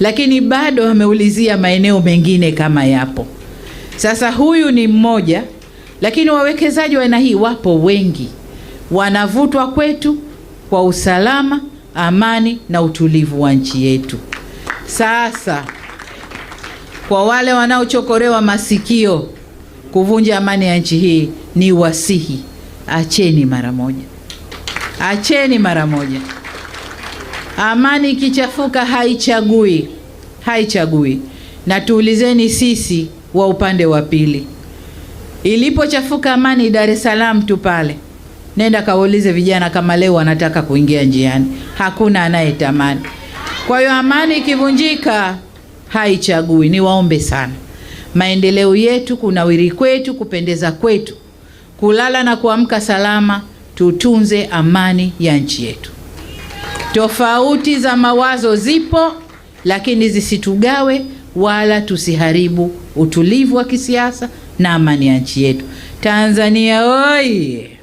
lakini bado ameulizia maeneo mengine kama yapo. Sasa huyu ni mmoja, lakini wawekezaji wa aina hii wapo wengi, wanavutwa kwetu kwa usalama, amani na utulivu wa nchi yetu. Sasa kwa wale wanaochokorewa masikio kuvunja amani ya nchi hii, ni wasihi, acheni mara moja, acheni mara moja. Amani ikichafuka haichagui, haichagui. Na tuulizeni sisi wa upande wa pili, ilipochafuka amani Dar es Salaam tu pale, nenda kawaulize vijana kama leo wanataka kuingia njiani, hakuna anayetamani. Kwa hiyo amani ikivunjika haichagui. Niwaombe sana, maendeleo yetu, kunawiri kwetu, kupendeza kwetu, kulala na kuamka salama, tutunze amani ya nchi yetu. Tofauti za mawazo zipo, lakini zisitugawe wala tusiharibu utulivu wa kisiasa na amani ya nchi yetu Tanzania. Oye!